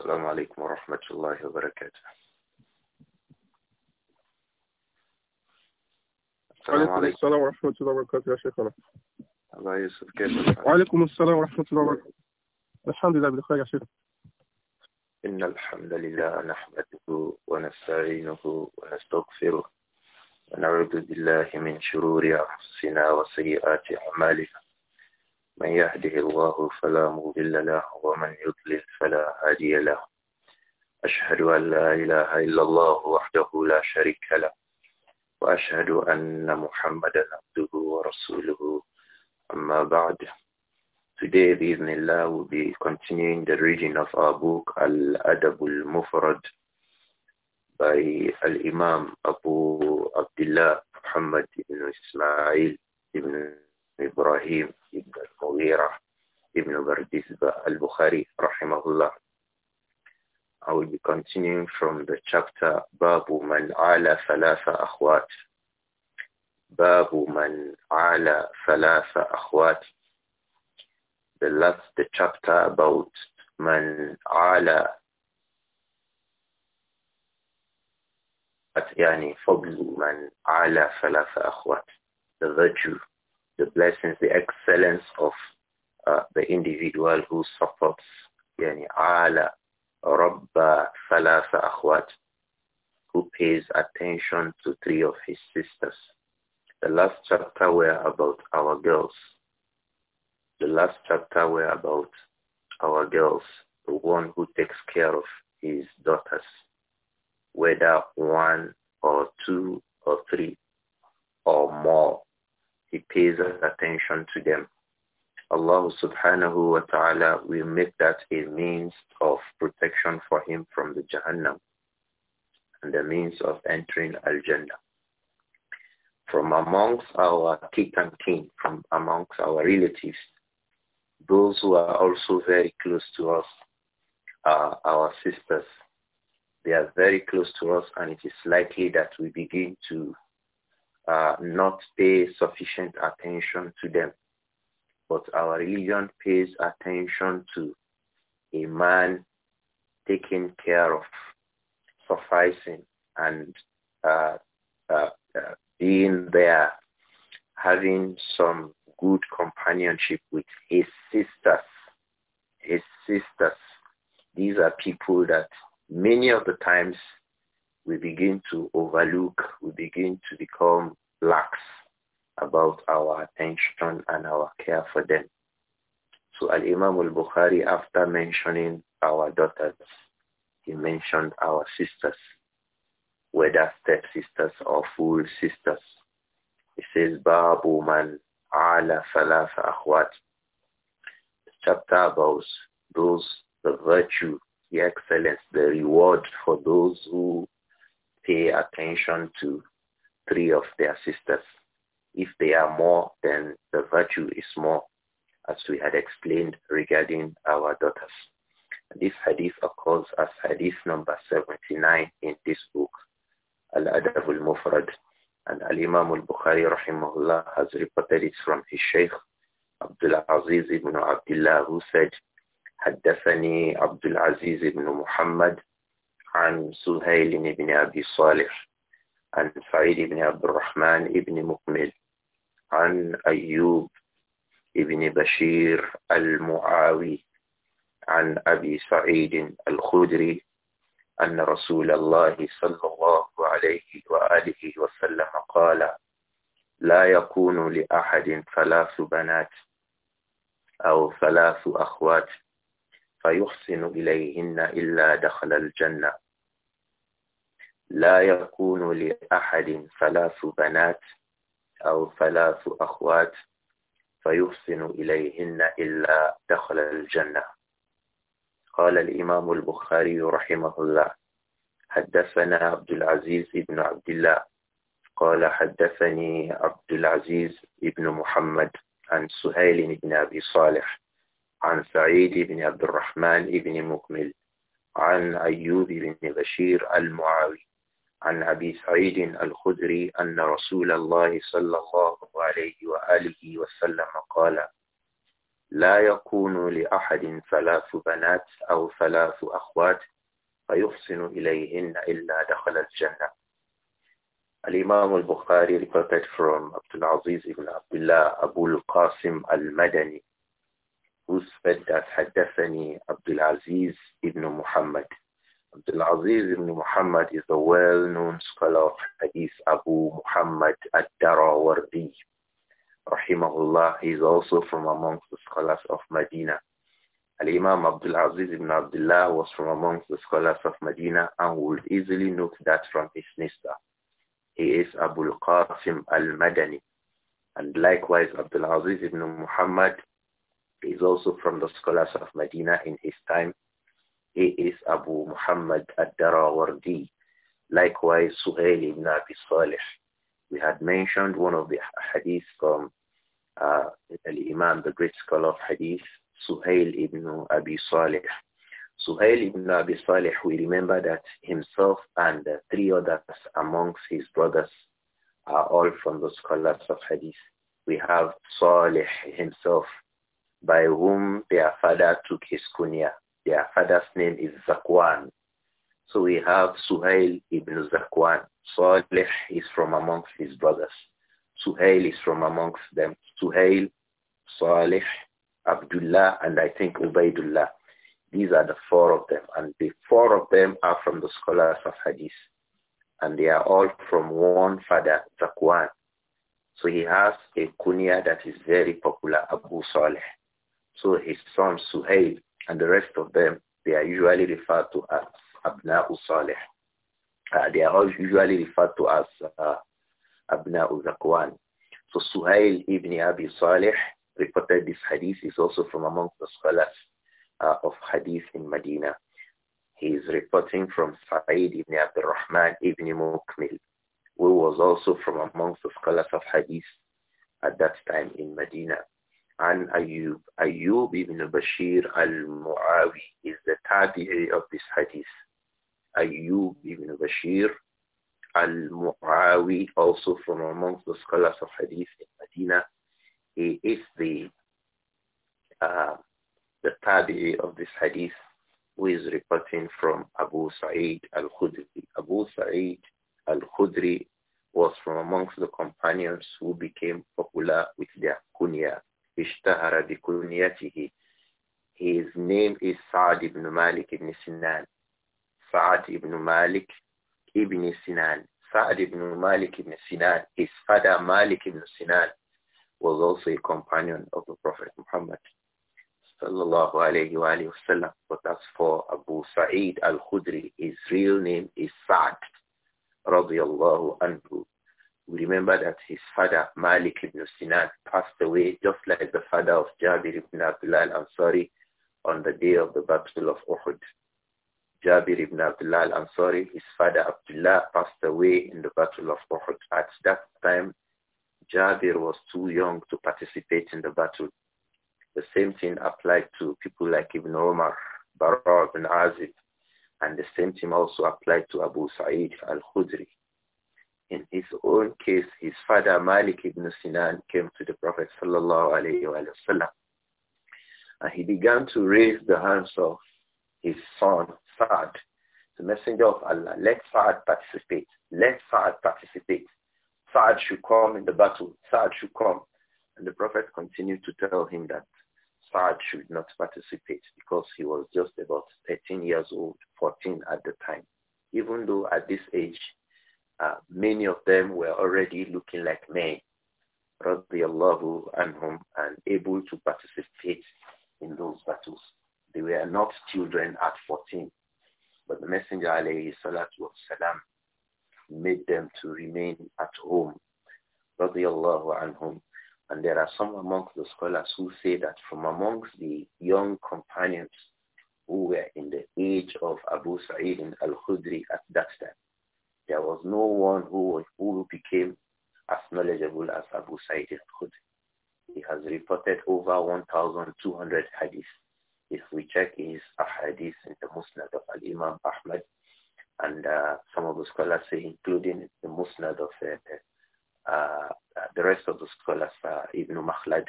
السلام عليكم ورحمة الله وبركاته السلام عليكم السلام ورحمة الله وبركاته يا شيخنا الله يسلمك. وعليكم السلام ورحمة الله وبركاته الحمد لله بخير يا شيخ إن الحمد لله نحمده ونستعينه ونستغفره ونعوذ بالله من شرور أنفسنا وسيئات أعمالنا من يهده الله فلا مضل له ومن يضلل فلا هادي له أشهد أن لا إله إلا الله وحده لا شريك له وأشهد أن محمدا عبده ورسوله أما بعد Today, بإذن الله, we'll be continuing the reading of our book, Al-Adab al-Mufrad, by Al-Imam Abu Abdullah Muhammad ibn Ismail ibn Ibrahim ibn al-Mughira ibn Umar. al-Bukhari, rahimahullah. I will be continuing from the chapter Babu Man Ala Thalatha Akhwat. Babu Man Ala Thalatha Akhwat. The last the chapter about Man Ala يعني فضل من على ثلاث أخوات the virtue the blessings, the excellence of uh, the individual who supports yani ala rabba thalatha akhwat who pays attention to three of his sisters. The last chapter were about our girls. The last chapter were about our girls, the one who takes care of his daughters, whether one or two or three or more he pays attention to them. Allah subhanahu wa ta'ala will make that a means of protection for him from the Jahannam and the means of entering Al-Jannah. From amongst our kith and kin, from amongst our relatives, those who are also very close to us are our sisters. They are very close to us and it is likely that we begin to uh, not pay sufficient attention to them. But our religion pays attention to a man taken care of, sufficing, and uh, uh, uh being there, having some good companionship with his sisters. His sisters. These are people that many of the times we begin to overlook, we begin to become lax about our attention and our care for them. So Al-Imam al-Bukhari, after mentioning our daughters, he mentioned our sisters, whether stepsisters or full sisters. He says, Babu man ala falafa akhwat. Chapter about those, the virtue, the excellence, the reward for those who pay attention to three of their sisters. If they are more, then the virtue is more, as we had explained regarding our daughters. This hadith occurs as hadith number 79 in this book, Al-Adab al-Mufrad. And Al-Imam al-Bukhari rahimahullah has reported it from his sheikh, Abdul Aziz ibn Abdullah, who said, حدثني عبد العزيز بن محمد عن سهيل بن أبي صالح عن سعيد بن عبد الرحمن بن مكمل عن أيوب بن بشير المعاوي عن أبي سعيد الخدري أن رسول الله صلى الله عليه وآله وسلم قال لا يكون لأحد ثلاث بنات أو ثلاث أخوات فيحسن إليهن إلا دخل الجنة لا يكون لأحد ثلاث بنات أو ثلاث أخوات فيحسن إليهن إلا دخل الجنة قال الإمام البخاري رحمه الله حدثنا عبد العزيز بن عبد الله قال حدثني عبد العزيز بن محمد عن سهيل بن أبي صالح عن سعيد بن عبد الرحمن بن مكمل عن أيوب بن بشير المعاوي عن أبي سعيد الخدري أن رسول الله صلى الله عليه وآله وسلم قال لا يكون لأحد ثلاث بنات أو ثلاث أخوات فيحسن إليهن إلا دخل الجنة الإمام البخاري reported from عبد العزيز ibn Abdullah Abu أبو القاسم المدني madani who said that حدثني عبد العزيز بن محمد Abdul Aziz ibn Muhammad is a well-known scholar of Hadith Abu Muhammad ad-Darawardi. Rahimahullah, he is also from amongst the scholars of Medina. Al-Imam Abdul Aziz ibn Abdullah was from amongst the scholars of Medina and would easily note that from his Nista. He is Abu al-Qasim al-Madani. And likewise, Abdul Aziz ibn Muhammad is also from the scholars of Medina in his time he is Abu Muhammad al-Darawardi. Likewise, Suhail ibn Abi Salih. We had mentioned one of the hadiths from uh, the Imam, the great scholar of hadith, Suhail ibn Abi Salih. Suhail ibn Abi Salih, we remember that himself and three others amongst his brothers are all from the scholars of hadith. We have Salih himself, by whom their father took his kunya, their father's name is Zakwan. So we have Suhail ibn Zakwan. Saleh is from amongst his brothers. Suhail is from amongst them. Suhail, Saleh, Abdullah, and I think Ubaidullah. These are the four of them. And the four of them are from the scholars of Hadith. And they are all from one father, Zakwan. So he has a kunya that is very popular, Abu Saleh. So his son Suhail and the rest of them, they are usually referred to as Abna'u Salih. Uh, they are usually referred to as uh, Abna'u Zakwan. So Suhail ibn Abi Salih reported this hadith is also from among the scholars uh, of hadith in Medina. He is reporting from Sa'id ibn Abdul Rahman ibn Mukmil, who was also from amongst the scholars of hadith at that time in Medina and Ayub. Ayub ibn Bashir al-Mu'awi is the tabi'i of this hadith. Ayub ibn Bashir al-Mu'awi, also from amongst the scholars of hadith in Medina, he is the uh, the tabi'i of this hadith who is reporting from Abu Sa'id al-Khudri. Abu Sa'id al-Khudri was from amongst the companions who became popular with their kunya, اشتهر بكنيته His name is Saad ibn Malik ibn Sinan. Saad ibn Malik ibn Sinan. Saad ibn Malik ibn Sinan. His father Malik ibn Sinan was also a companion of the Prophet Muhammad sallallahu alayhi wa, alayhi wa sallam. But as for Abu Sa'id al-Khudri, his real name is Saad, رضي الله عنه. We remember that his father, Malik ibn Sinan, passed away just like the father of Jabir ibn Abdullah al-Ansari on the day of the Battle of Uhud. Jabir ibn Abdullah al-Ansari, his father Abdullah, passed away in the Battle of Uhud. At that time, Jabir was too young to participate in the battle. The same thing applied to people like Ibn Omar, Bara ibn Azib, and the same thing also applied to Abu Sa'id al-Khudri in his own case, his father Malik ibn Sinan came to the Prophet wasallam, and he began to raise the hands of his son Saad, the messenger of Allah. Let Saad participate. Let Saad participate. Saad should come in the battle. Saad should come. And the Prophet continued to tell him that Saad should not participate because he was just about 13 years old, 14 at the time. Even though at this age uh, many of them were already looking like men, radiallahu anhum, and able to participate in those battles. They were not children at 14, but the Messenger alayhi salatu wasalam made them to remain at home, radiallahu anhum. And there are some among the scholars who say that from amongst the young companions who were in the age of Abu Sa'id al-Khudri at that time, there was no one who, who became as knowledgeable as Abu Sa'id al-Khudri. He has reported over 1,200 hadiths. If we check his hadiths in the Musnad of Al-Imam Ahmad, and uh, some of the scholars say including the Musnad of uh, uh, the rest of the scholars, uh, Ibn Makhlad,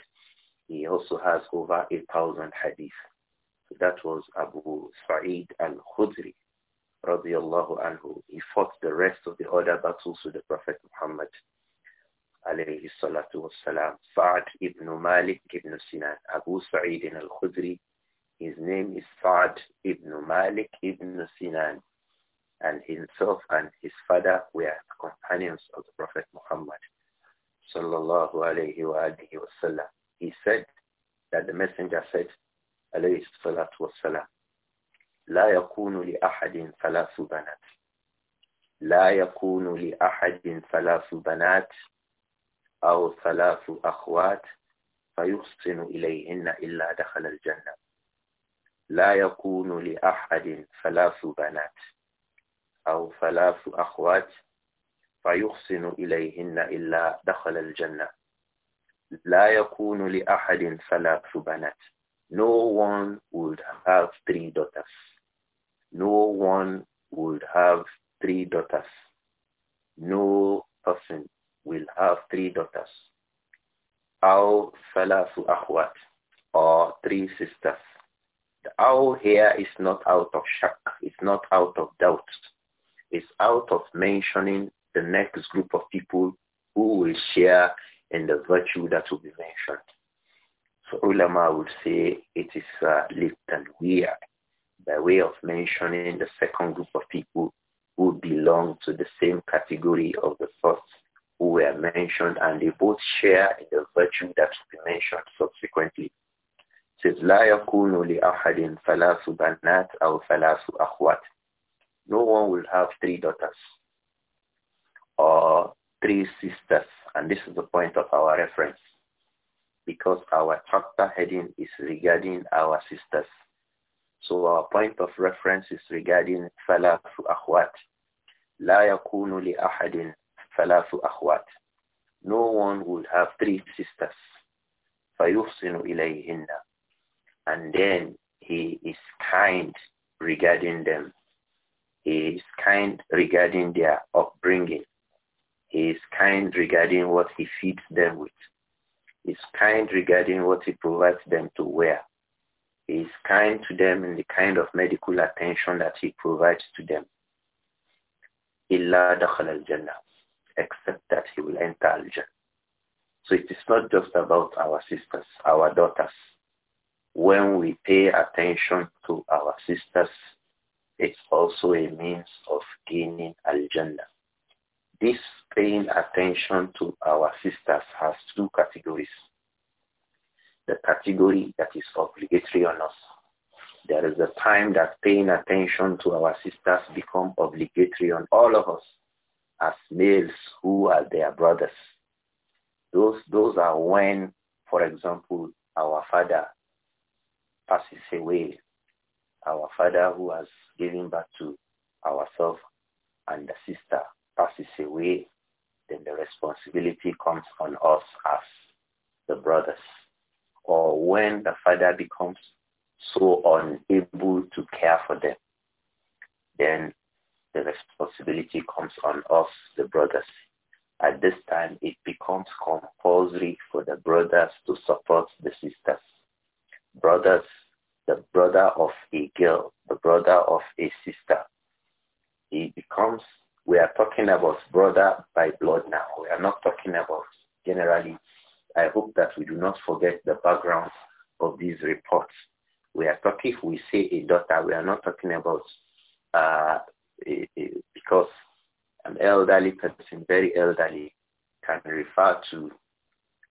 he also has over 8,000 hadiths. So that was Abu Sa'id al-Khudri radiallahu anhu, he fought the rest of the other battles with the Prophet Muhammad alayhi salatu wassalam. sa ibn Malik ibn Sinan, Abu Sa'id al-Khudri. His name is sa ibn Malik ibn Sinan. And himself and his father were companions of the Prophet Muhammad sallallahu alayhi wa alihi wasallam. He said that the messenger said alayhi salatu wassalam, لا يكون لأحد ثلاث بنات لا يكون لأحد ثلاث بنات أو ثلاث أخوات فيحسن إليهن إلا دخل الجنة لا يكون لأحد ثلاث بنات أو ثلاث أخوات فيحسن إليهن إلا دخل الجنة لا يكون لأحد ثلاث بنات No one would have three daughters no one would have three daughters. No person will have three daughters. Aw salasu akhwat, or three sisters. The aw here is not out of shak, it's not out of doubt. It's out of mentioning the next group of people who will share in the virtue that will be mentioned. So ulama would say it is uh, little weird by way of mentioning the second group of people who belong to the same category of the first who were mentioned and they both share in the virtue that will be mentioned subsequently. says, لا يكون لأحد ثلاث بنات أو ثلاث أخوات. No one will have three daughters or three sisters. And this is the point of our reference because our chapter heading is regarding our sisters. So our point of reference is regarding ثلاث أخوات. لا يكون لأحد ثلاث أخوات. No one will have three sisters. فيحسن إليهن. And then he is kind regarding them. He is kind regarding their upbringing. He is kind regarding what he feeds them with. He is kind regarding what he provides them to wear is kind to them in the kind of medical attention that he provides to them. إِلَّا دَخَلَ الْجَنَّةِ Except that he will enter al-Jannah. So it is not just about our sisters, our daughters. When we pay attention to our sisters, it's also a means of gaining al-Jannah. This paying attention to our sisters has two categories the category that is obligatory on us. There is a time that paying attention to our sisters become obligatory on all of us as males who are their brothers. Those, those are when, for example, our father passes away, our father who has given back to ourselves and the sister passes away, then the responsibility comes on us as the brothers or when the father becomes so unable to care for them, then the responsibility comes on us, the brothers. At this time, it becomes compulsory for the brothers to support the sisters. Brothers, the brother of a girl, the brother of a sister, he becomes, we are talking about brother by blood now. We are not talking about generally I hope that we do not forget the background of these reports. We are talking, if we say a daughter, we are not talking about, uh, a, a, because an elderly person, very elderly, can refer to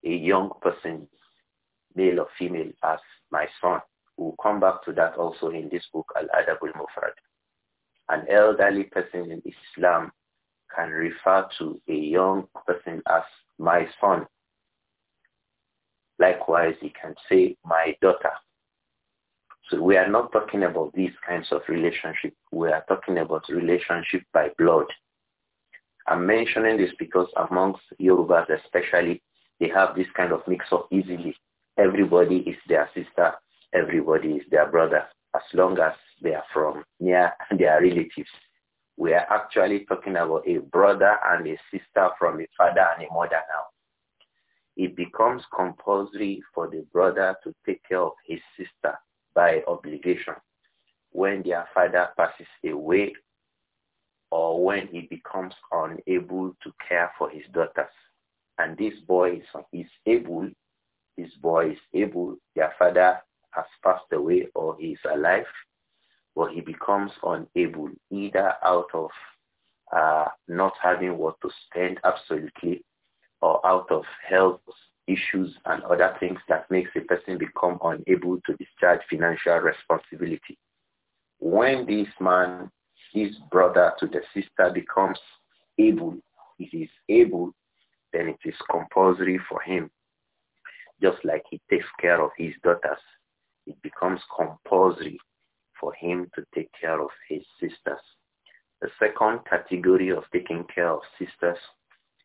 a young person, male or female, as my son. We'll come back to that also in this book, Al-Adabul Mufrad. An elderly person in Islam can refer to a young person as my son Likewise, he can say, my daughter. So we are not talking about these kinds of relationship. We are talking about relationship by blood. I'm mentioning this because amongst Yorubas especially, they have this kind of mix-up easily. Everybody is their sister. Everybody is their brother as long as they are from near their relatives. We are actually talking about a brother and a sister from a father and a mother now it becomes compulsory for the brother to take care of his sister by obligation when their father passes away or when he becomes unable to care for his daughters. And this boy is, able, this boy is able, their father has passed away or he is alive, but he becomes unable either out of uh, not having what to spend absolutely or out of health issues and other things that makes a person become unable to discharge financial responsibility. When this man, his brother to the sister becomes able, if he is able, then it is compulsory for him. Just like he takes care of his daughters, it becomes compulsory for him to take care of his sisters. The second category of taking care of sisters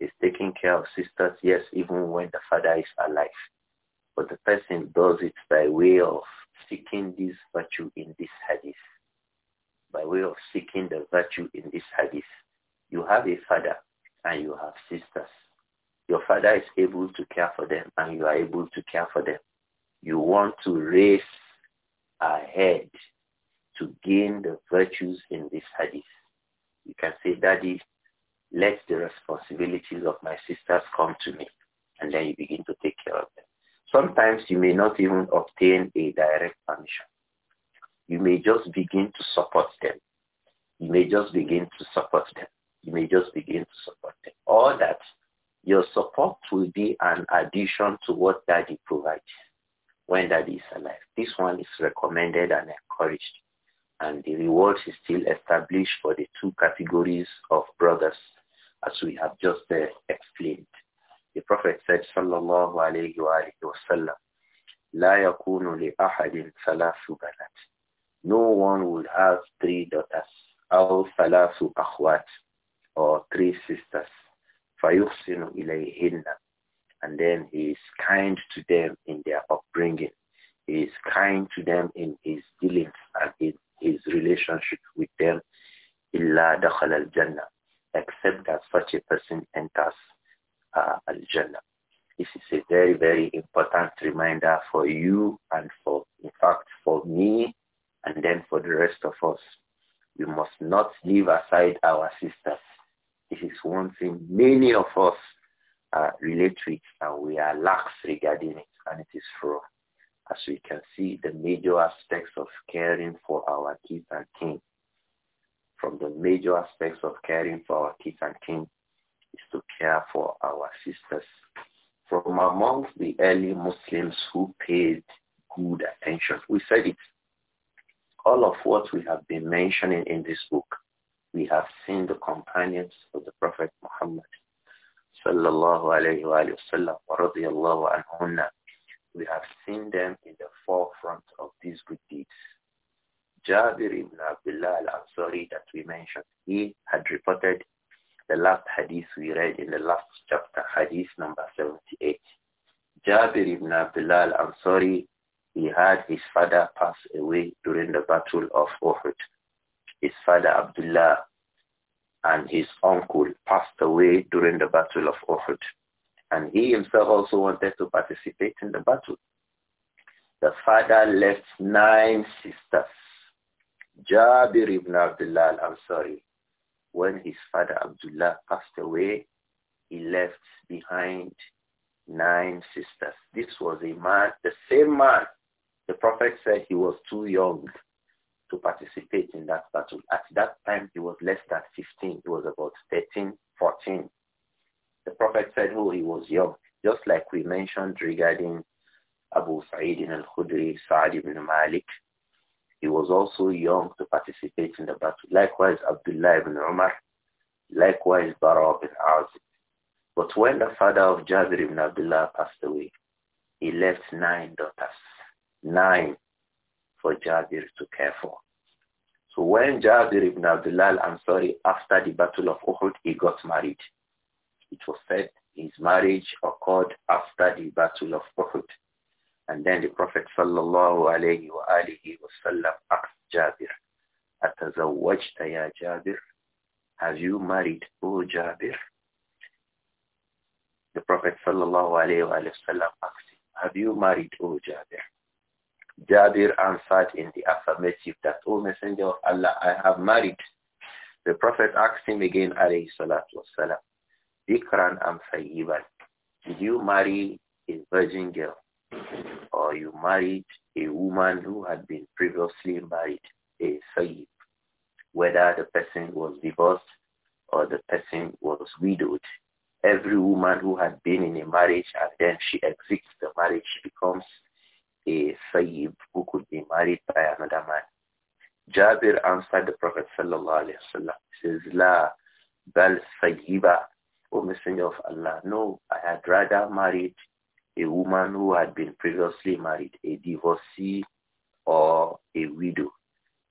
is taking care of sisters, yes, even when the father is alive. But the person does it by way of seeking this virtue in this hadith. By way of seeking the virtue in this hadith. You have a father and you have sisters. Your father is able to care for them and you are able to care for them. You want to race ahead to gain the virtues in this hadith. You can say, Daddy, let the responsibilities of my sisters come to me. And then you begin to take care of them. Sometimes you may not even obtain a direct permission. You may just begin to support them. You may just begin to support them. You may just begin to support them. All that, your support will be an addition to what daddy provides when daddy is alive. This one is recommended and encouraged and the reward is still established for the two categories of brothers as we have just uh, explained. The Prophet said, Sallallahu alayhi wa alayhi La yakunu li ahadin salasu banat. No one would have three daughters, aw salasu akhwat, or three sisters. Fayuhsinu ilayhinna. And then he is kind to them in their upbringing. He is kind to them in his dealings and in his relationship with them. Illa dakhal al-jannah that such a person enters uh, Al-Jannah. This is a very, very important reminder for you and for, in fact, for me and then for the rest of us. We must not leave aside our sisters. This is one thing many of us uh, relate with and we are lax regarding it and it is from, as we can see, the major aspects of caring for our kids and kin from the major aspects of caring for our kids and kin is to care for our sisters. From among the early Muslims who paid good attention, we said it. All of what we have been mentioning in this book, we have seen the companions of the Prophet Muhammad sallallahu alayhi wa sallam radiallahu We have seen them in the forefront of these good deeds Jabir ibn Abdullah al-Ansari that we mentioned, he had reported the last hadith we read in the last chapter, hadith number 78. Jabir ibn Abdullah al-Ansari, he had his father pass away during the battle of Uhud. His father Abdullah and his uncle passed away during the battle of Uhud. And he himself also wanted to participate in the battle. The father left nine sisters Jabir ibn Abdullah al-Ansari, when his father Abdullah passed away, he left behind nine sisters. This was a man, the same man. The prophet said he was too young to participate in that battle. At that time, he was less than 15. He was about 13, 14. The prophet said, oh, he was young. Just like we mentioned regarding Abu Sa'id al-Khudri, Sa'ad ibn Malik, he was also young to participate in the battle. Likewise, Abdullah ibn Umar. Likewise, Bara ibn Azib. But when the father of Jabir ibn Abdullah passed away, he left nine daughters. Nine for Jabir to care for. So when Jabir ibn Abdullah I'm sorry, after the Battle of Uhud, he got married. It was said his marriage occurred after the Battle of Uhud. And then the Prophet sallallahu alayhi wa alihi asked Jabir, Atazawajta ya Jabir? Have you married, O oh Jabir? The Prophet sallallahu alayhi wa sallam asked him, Have you married, O oh Jabir? Jabir answered in the affirmative that, O oh, Messenger of Allah, I have married. The Prophet asked him again, alayhi salatu married?" Bikran am Did you marry a virgin girl? or you married a woman who had been previously married, a sahib, whether the person was divorced or the person was widowed. Every woman who had been in a marriage and then she exits the marriage, she becomes a sahib who could be married by another man. Jabir answered the Prophet sallallahu alayhi wasallam. He says, La bal sayyiba, O Messenger of Allah, no, I had rather married a woman who had been previously married, a divorcee or a widow.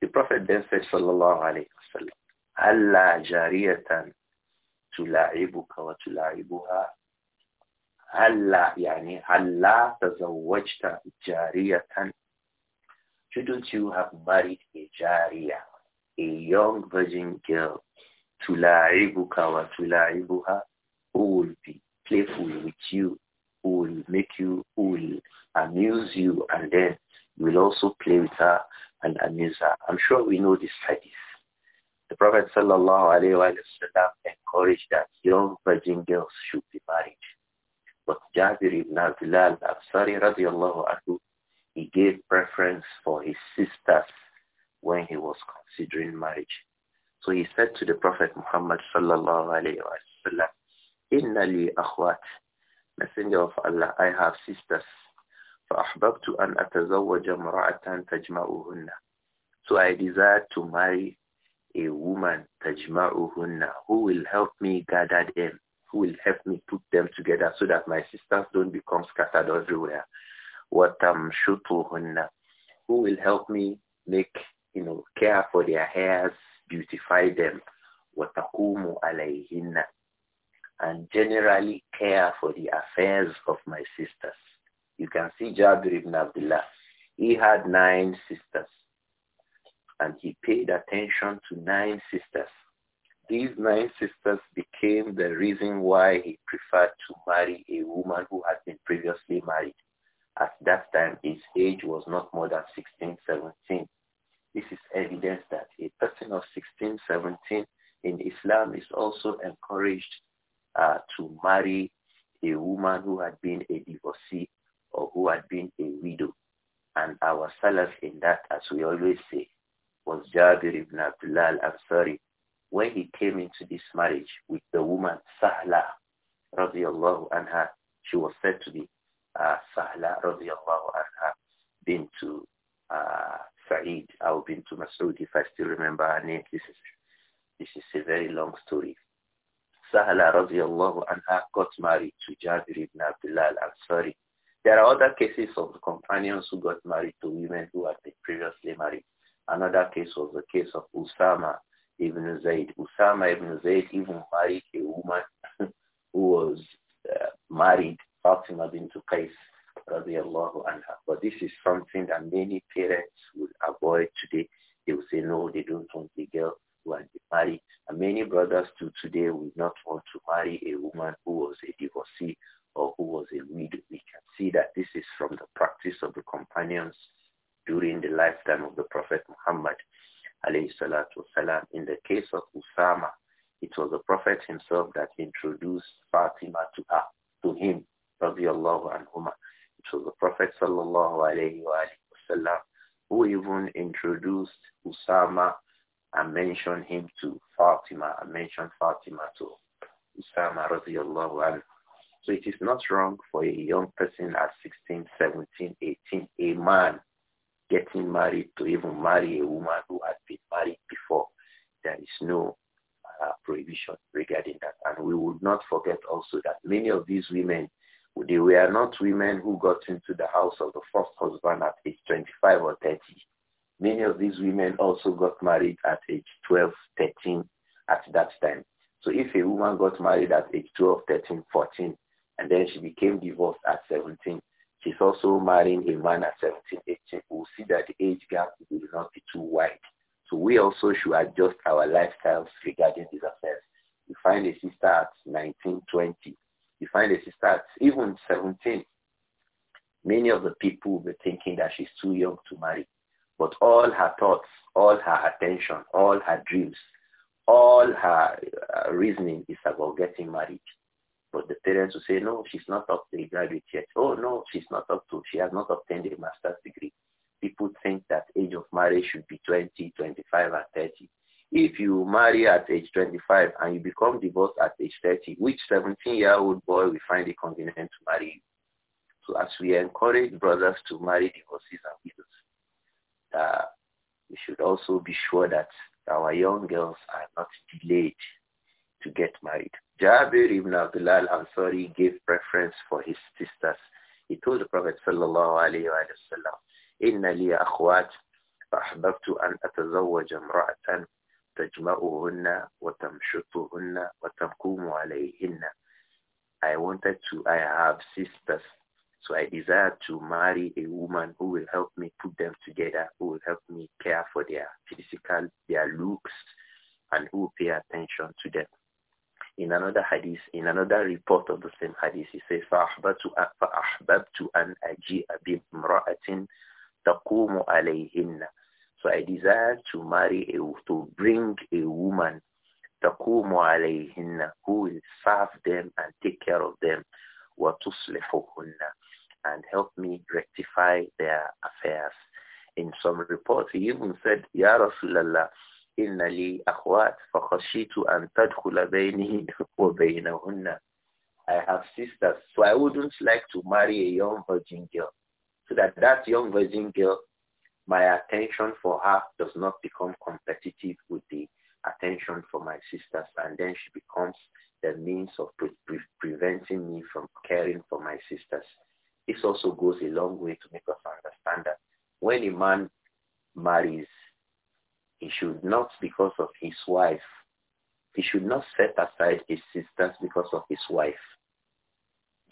The Prophet then said, Sallallahu Alaihi Wasallam, Allah jariyatan tula'ibuka wa tula'ibuha. Allah, yani Allah tazawwajta jariyatan. Shouldn't you have married a jariya, a young virgin girl, tula'ibuka wa tula'ibuha, who will be playful with you who will make you, who will amuse you, and then you will also play with her and amuse her. I'm sure we know this hadith. The Prophet sallallahu wasallam encouraged that young virgin girls should be married. But Jabir ibn Abdullah al-Ansari radiallahu anhu, he gave preference for his sisters when he was considering marriage. So he said to the Prophet Muhammad sallallahu alaihi wasallam, "Inna li akhwat Messenger of Allah, I have sisters. فأحببت أن أتزوج امرأة تجمعهن. So I desire to marry a woman تجمعهن who will help me gather them, who will help me put them together so that my sisters don't become scattered everywhere. وتمشطهن who will help me make, you know, care for their hairs, beautify them. وتقوم عليهن and generally care for the affairs of my sisters. You can see Jabir ibn Abdullah. He had nine sisters and he paid attention to nine sisters. These nine sisters became the reason why he preferred to marry a woman who had been previously married. At that time, his age was not more than 16, 17. This is evidence that a person of 16, 17 in Islam is also encouraged uh, to marry a woman who had been a divorcee or who had been a widow. And our salaf in that, as we always say, was Jabir ibn Abdullah al-Ansari. When he came into this marriage with the woman Sahla, radiallahu anha, she was said to be uh, Sahla, radiallahu anha, been to uh, Sa'id, or been to Masoud, if I still remember her name. This is, this is a very long story. Sahla radiallahu anha got married to Jabir ibn Abdullah al-Ansari. There are other cases of companions who got married to women who had been previously married. Another case was the case of Usama ibn Zayd. Usama ibn Zayd even married a woman who was uh, married, Fatima bint Qais, radiallahu anha. But this is something that many parents would avoid today. They would say, no, they don't want the girl who had been married. And many brothers too today will not want to marry a woman who was a divorcee or who was a widow. We can see that this is from the practice of the companions during the lifetime of the Prophet Muhammad والسلام, in the case of Usama, it was the Prophet himself that introduced Fatima to her, to him, It was the Prophet sallallahu alayhi wasallam who even introduced Usama I mentioned him to Fatima I mentioned Fatima to Usama radiallahu anhu. So it is not wrong for a young person at 16, 17, 18, a man getting married to even marry a woman who had been married before. There is no uh, prohibition regarding that. And we would not forget also that many of these women, they were not women who got into the house of the first husband at age 25 or 30. Many of these women also got married at age 12, 13 at that time. So if a woman got married at age 12, 13, 14, and then she became divorced at 17, she's also marrying a man at 17, 18, we'll see that the age gap will not be too wide. So we also should adjust our lifestyles regarding these affairs. You find a sister at 19, 20. You find a sister at even 17. Many of the people will be thinking that she's too young to marry. But all her thoughts, all her attention, all her dreams, all her uh, reasoning is about getting married. But the parents will say, no, she's not up to a graduate yet. Oh, no, she's not up to, she has not obtained a master's degree. People think that age of marriage should be 20, 25, and 30. If you marry at age 25 and you become divorced at age 30, which 17-year-old boy will find it convenient to marry you? So as we encourage brothers to marry divorcees and widows, uh, we should also be sure that our young girls are not delayed to get married. Jabir ibn Abdullah al-Ansari gave preference for his sisters. He told the Prophet sallallahu alayhi wa sallam, إِنَّ لِي أَخْوَاتٍ فَأَحْبَبْتُ أَنْ أَتَزَوَّجَ امْرَأَةً تَجْمَعُهُنَّ وَتَمْشُطُهُنَّ وَتَمْكُومُ عَلَيْهِنَّ I wanted to, I have sisters so I desire to marry a woman who will help me put them together, who will help me care for their physical, their looks, and who will pay attention to them. In another hadith, in another report of the same hadith, he says, فَأَحْبَبْتُ أَنْ أَجِئَ بِامْرَأَةٍ تَقُومُ عَلَيْهِنَّ So I desire to marry, a, to bring a woman, تَقُومُ عَلَيْهِنَّ, who will serve them and take care of them, وَتُصْلِحُهُنَّ and help me rectify their affairs. In some reports, he even said, Ya Rasulallah, inna li akhwat fakhashitu an tadkhula bayni wa baynahunna. I have sisters, so I wouldn't like to marry a young virgin girl. So that that young virgin girl, my attention for her does not become competitive with the attention for my sisters and then she becomes the means of pre pre preventing me from caring for my sisters. This also goes a long way to make us understand that when a man marries, he should not, because of his wife, he should not set aside his sisters because of his wife.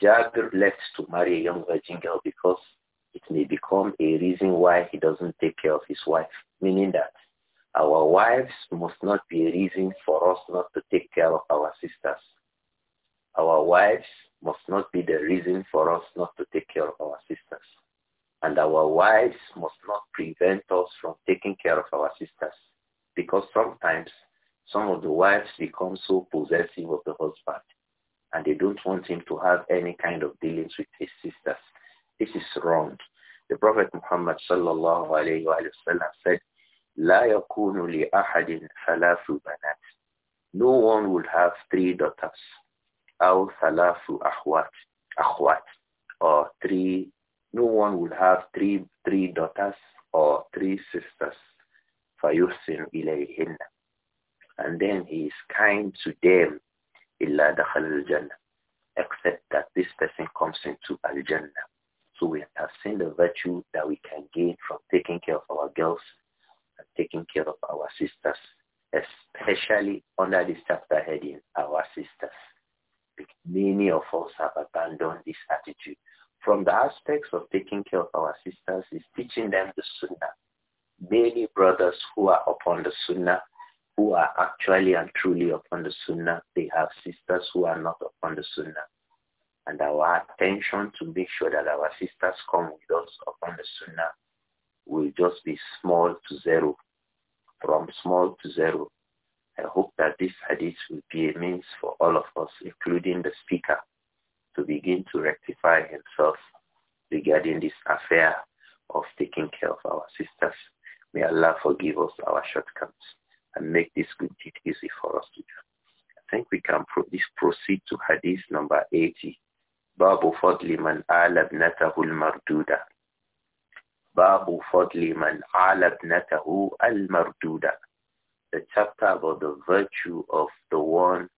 Jabir left to marry a young virgin girl because it may become a reason why he doesn't take care of his wife, meaning that our wives must not be a reason for us not to take care of our sisters. Our wives must not be the reason for us not to take care of our sisters. And our wives must not prevent us from taking care of our sisters. Because sometimes some of the wives become so possessive of the husband and they don't want him to have any kind of dealings with his sisters. This is wrong. The Prophet Muhammad sallallahu alayhi wa said, لا يكون لأحد ثلاث بنات. No one will have three daughters. أو ثلاث أخوات أخوات or three no one would have three three daughters or three sisters فيحسن إليهن and then he is kind to them إلا دخل الجنة except that this person comes into Al-Jannah. So we have seen the virtue that we can gain from taking care of our girls and taking care of our sisters, especially under this chapter heading, our sisters. Many of us have abandoned this attitude. From the aspects of taking care of our sisters is teaching them the sunnah. Many brothers who are upon the sunnah, who are actually and truly upon the sunnah, they have sisters who are not upon the sunnah. And our attention to make sure that our sisters come with us upon the sunnah will just be small to zero, from small to zero I hope that this hadith will be a means for all of us, including the speaker, to begin to rectify himself regarding this affair of taking care of our sisters. May Allah forgive us our shortcomings and make this good deed easy for us to do. I think we can pro- proceed to hadith number 80. باب فضل al آل ابنته المردودة باب فضل من آل al-Marduda the chapter about the virtue of the one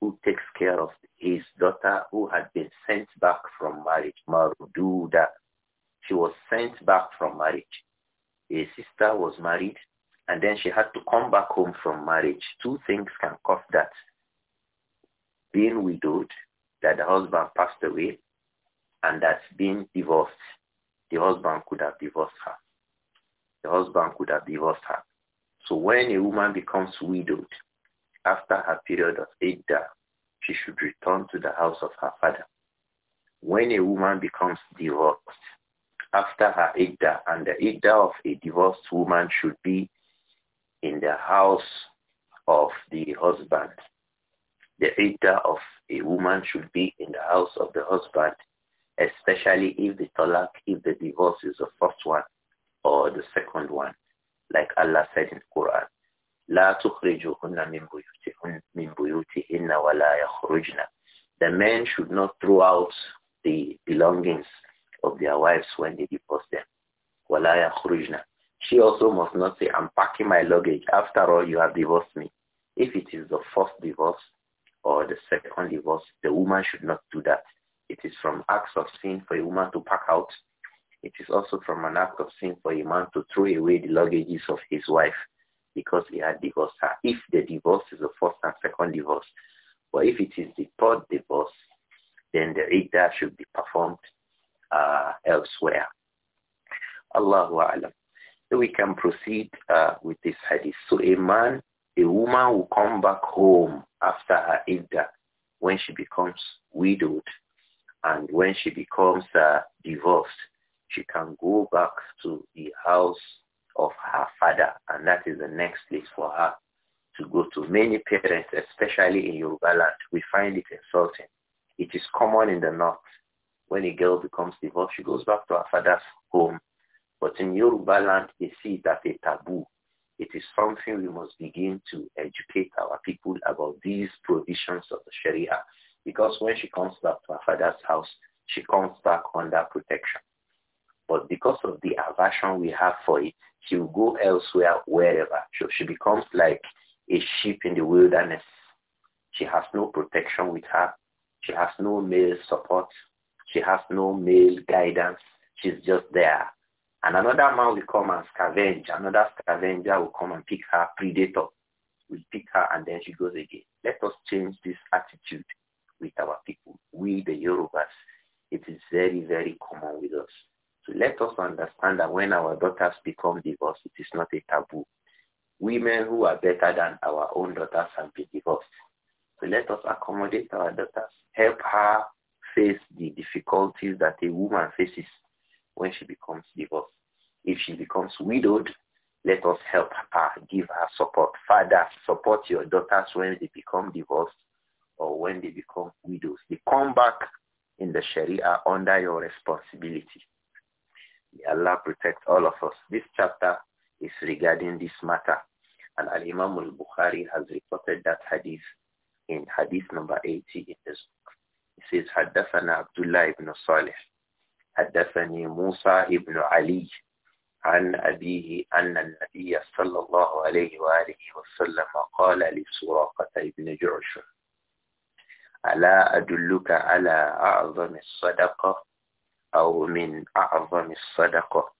who takes care of his daughter who had been sent back from marriage, Marududa. She was sent back from marriage. A sister was married and then she had to come back home from marriage. Two things can cause that. Being widowed, that the husband passed away, and that being divorced. The husband could have divorced her. The husband could have divorced her. So when a woman becomes widowed after her period of iddah, she should return to the house of her father. When a woman becomes divorced after her idda, and the idda of a divorced woman should be in the house of the husband. The idda of a woman should be in the house of the husband, especially if the talak, if the divorce is the first one or the second one like Allah said in Quran, لا تخرجوهن من من بيوتهن ولا يخرجن. The men should not throw out the belongings of their wives when they divorce them. ولا يخرجن. She also must not say, I'm packing my luggage. After all, you have divorced me. If it is the first divorce or the second divorce, the woman should not do that. It is from acts of sin for a woman to pack out it is also from an act of sin for a man to throw away the luggages of his wife because he had divorced her. If the divorce is the first and second divorce, but if it is the third divorce, then the iddah should be performed uh, elsewhere. Allahu Alam. So we can proceed uh, with this hadith. So a man, a woman will come back home after her iddah when she becomes widowed and when she becomes uh, divorced she can go back to the house of her father, and that is the next place for her to go to. Many parents, especially in Yoruba land, we find it insulting. It is common in the north. When a girl becomes divorced, she goes back to her father's home. But in Yoruba land, they see that a taboo. It is something we must begin to educate our people about these provisions of the Sharia. Because when she comes back to her father's house, she comes back under protection. But because of the aversion we have for it, she will go elsewhere, wherever. So she becomes like a sheep in the wilderness. She has no protection with her. She has no male support. She has no male guidance. She's just there. And another man will come and scavenge. Another scavenger will come and pick her predator. We pick her and then she goes again. Let us change this attitude with our people. We, the Yorubas, it is very, very common with us. So let us understand that when our daughters become divorced, it is not a taboo. Women who are better than our own daughters have been divorced. So let us accommodate our daughters, help her face the difficulties that a woman faces when she becomes divorced. If she becomes widowed, let us help her, give her support. Fathers, support your daughters when they become divorced or when they become widows. They come back in the Sharia under your responsibility. Allah protect all of us. This chapter is regarding this matter. And Al-Imam al-Bukhari has reported that hadith in hadith number 80 in his book. He says, حدثنا Abdullah ibn بن صالح حدثني موسى بن علي عن أبيه أن النبي صلى الله عليه وآله وسلم قال لسراقة بن جعشم ألا أدلك على أعظم الصدقة أو من أعظم الصدقة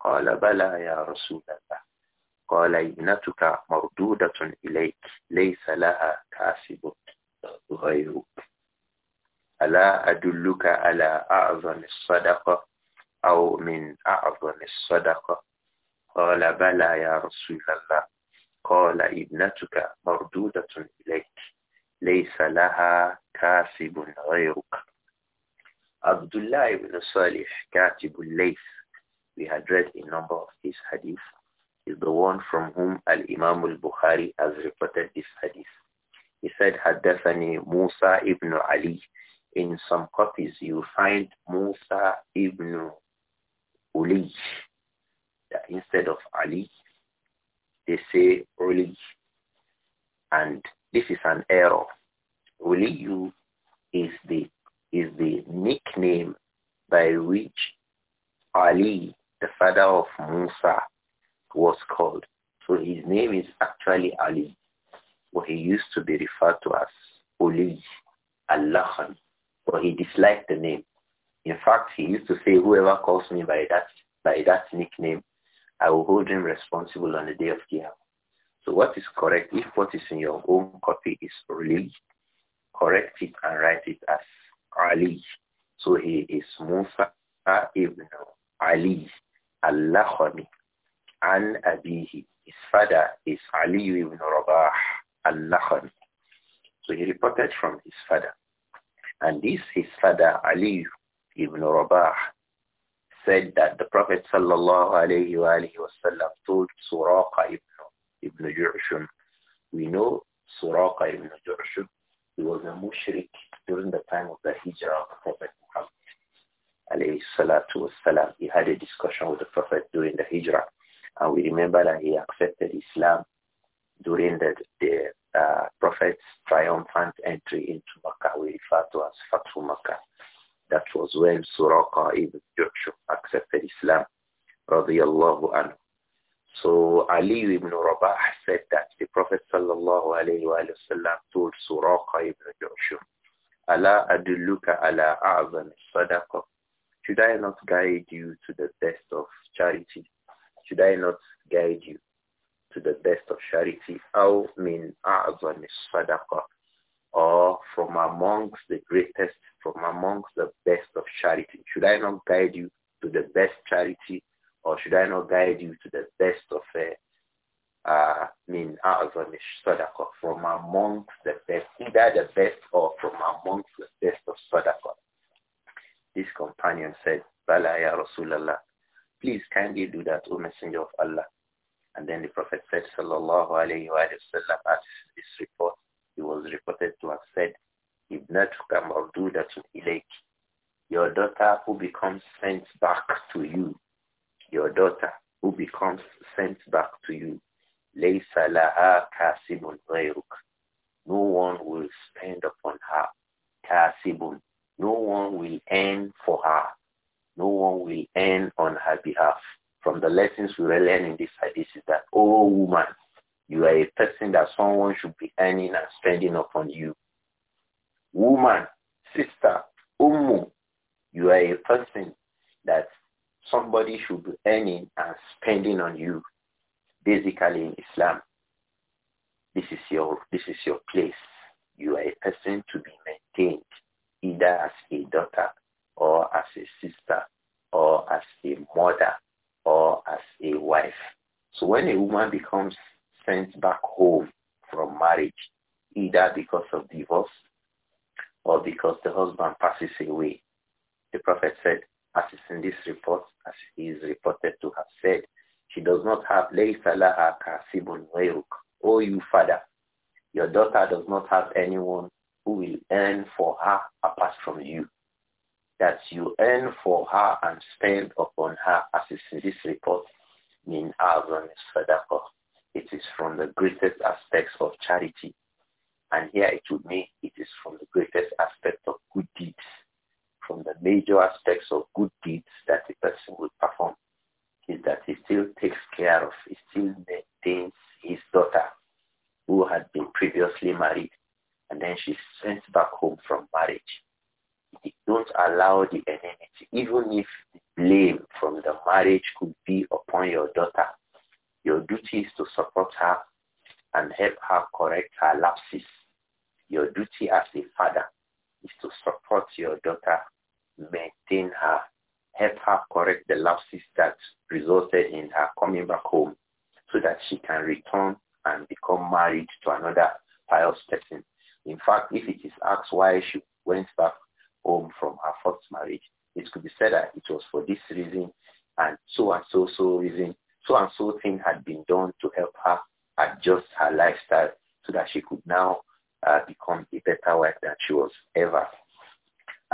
قال بلى يا رسول الله قال ابنتك مردودة إليك ليس لها كاسب غيرك ألا أدلك على أعظم الصدقة أو من أعظم الصدقة قال بلى يا رسول الله قال ابنتك مردودة إليك ليس لها كاسب غيرك Abdullah ibn Salih Katibul Layth, we had read a number of his hadith, is the one from whom Al-Imam al-Bukhari has reported this hadith. He said, Haddathani Musa ibn Ali. In some copies, you find Musa ibn Ali. Instead of Ali, they say Ali. And this is an error. Uliyu is the is the nickname by which Ali, the father of Musa, was called. So his name is actually Ali, but he used to be referred to as Uli Allahan, but he disliked the name. In fact, he used to say, whoever calls me by that, by that nickname, I will hold him responsible on the day of Qiyamah. So what is correct, if what is in your own copy is really, correct it and write it as Ali. So he is Musa ibn Ali al-Lakhami an Abihi. His father is Ali ibn Rabah al-Lakhami. So he reported from his father. And this his father Ali ibn Rabah said that the Prophet sallallahu alayhi wa alayhi wasallam told Suraqa ibn, ibn Ju'shun, we know Suraqa ibn Ju'shun he was a mushrik during the time of the hijrah of the Prophet Muhammad. Alayhi He had a discussion with the Prophet during the hijrah. And we remember that he accepted Islam during the, the uh, Prophet's triumphant entry into Makkah, we refer to as Fatwa Makkah. That was when Suraka ibn Jurshum accepted Islam, radiallahu anhu. So Ali ibn Rabah said that the Prophet sallallahu alayhi wa sallam told Suraqa ibn Joshua, Allah adulluka ala a'zam sadaqah. Should I not guide you to the best of charity? Should I not guide you to the best of charity? Aw min a'zam sadaqah. Or from amongst the greatest, from amongst the best of charity. Should I not guide you to the best charity? Or should I not guide you to the best of it? Uh, uh, min a'zamish sadaqah, from amongst the best, either the best or from amongst the best of sadaqah. This companion said, Bala ya Rasulallah, please kindly do that, O Messenger of Allah. And then the Prophet said, Sallallahu alayhi wa sallam, as this report, he was reported to have said, Ibnatuka to ilayk, your daughter who becomes sent back to you your daughter who becomes sent back to you. No one will spend upon her. Kasibun. No one will earn for her. No one will earn on her behalf. From the lessons we learn in this hadith is that, oh woman, you are a person that someone should be earning and spending upon you. Woman, sister, umu, you are a person that somebody should be earning and spending on you, basically in Islam. This is your, this is your place. You are a person to be maintained, either as a daughter or as a sister or as a mother or as a wife. So when a woman becomes sent back home from marriage, either because of divorce or because the husband passes away, the Prophet said, as is in this report, as he is reported to have said, she does not have Leisalaha Kasibun Wayruk. O you father, your daughter does not have anyone who will earn for her apart from you. That you earn for her and spend upon her as is in this report in Azan Sadaqah. It is from the greatest aspects of charity. And here it would mean it is from the greatest aspect of good deeds from the major aspects of good deeds that a person would perform is that he still takes care of, he still maintains his daughter who had been previously married and then she's sent back home from marriage. He don't allow the enmity, even if blame from the marriage could be upon your daughter. Your duty is to support her and help her correct her lapses. Your duty as a father is to support your daughter maintain her, help her correct the lapses that resulted in her coming back home so that she can return and become married to another pious person. In fact, if it is asked why she went back home from her first marriage, it could be said that it was for this reason and so and so so reason, so and so thing had been done to help her adjust her lifestyle so that she could now uh, become a better wife than she was ever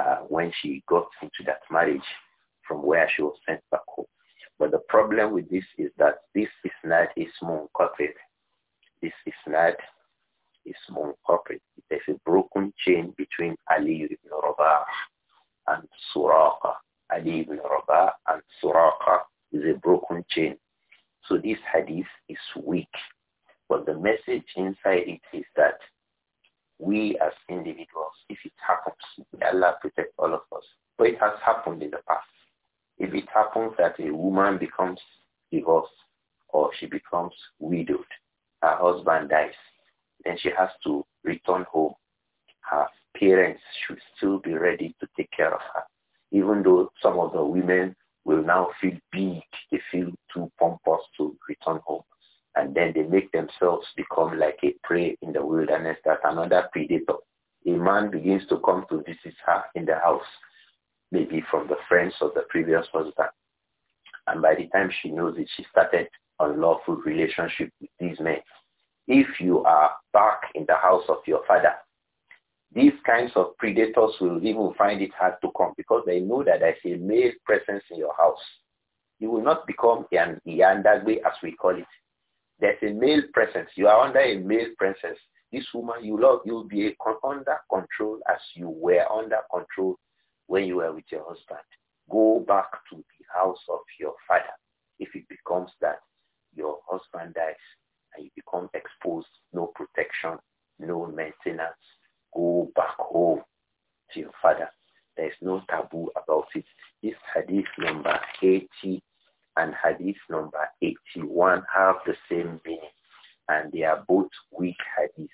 uh, when she got into that marriage from where she was sent back home. But the problem with this is that this is not a small corporate. This is not a small corporate. There's a broken chain between Ali ibn Rabah and Suraqa. Ali ibn Rabah and Suraqa is a broken chain. So this hadith is weak. But the message inside it is that we as individuals, if it happens, Allah protect all of us. But it has happened in the past. If it happens that a woman becomes divorced or she becomes widowed, her husband dies, then she has to return home. Her parents should still be ready to take care of her, even though some of the women will now feel big, they feel too pompous to return home and then they make themselves become like a prey in the wilderness that another predator, a man begins to come to visit her in the house, maybe from the friends of the previous husband. And by the time she knows it, she started unlawful relationship with these men. If you are back in the house of your father, these kinds of predators will even find it hard to come because they know that there's a male presence in your house. You will not become an Iyandagwe as we call it there's a male presence. You are under a male presence. This woman you love, you'll be under control as you were under control when you were with your husband. Go back to the house of your father. If it becomes that your husband dies and you become exposed, no protection, no maintenance, go back home to your father. There is no taboo about it. This hadith number 80 and hadith number 81 have the same meaning and they are both weak hadiths.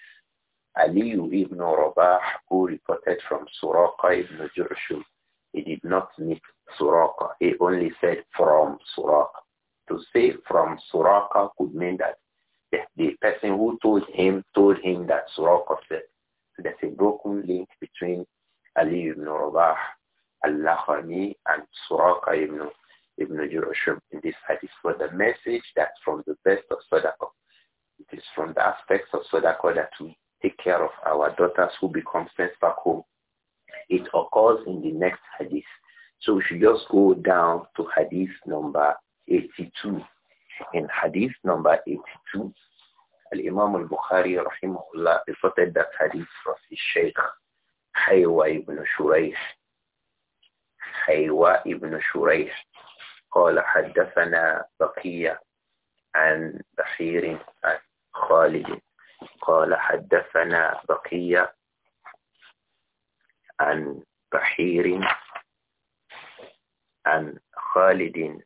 Ali ibn Rabah, who reported from Suraqa ibn Jurshum, he did not meet Suraqa. He only said from Suraqa. To say from Suraqa could mean that the, person who told him told him that Suraqa said. So there's a broken link between Ali ibn Rabah, Al-Lakhami, and Suraqa ibn even Ibn Juroshim in this hadith for the message that from the best of Sadaqah. It is from the aspects of Sadaqah that we take care of our daughters who become sent back home. It occurs in the next hadith. So we should just go down to hadith number 82. In hadith number 82, Al-Imam al-Bukhari rahimahullah reported that hadith from his sheikh, Haywa ibn Shuraish. Haywa ibn Shuraish. قال حدثنا بقية عن بحير عن خالد قال حدثنا بقية عن بحير عن خالد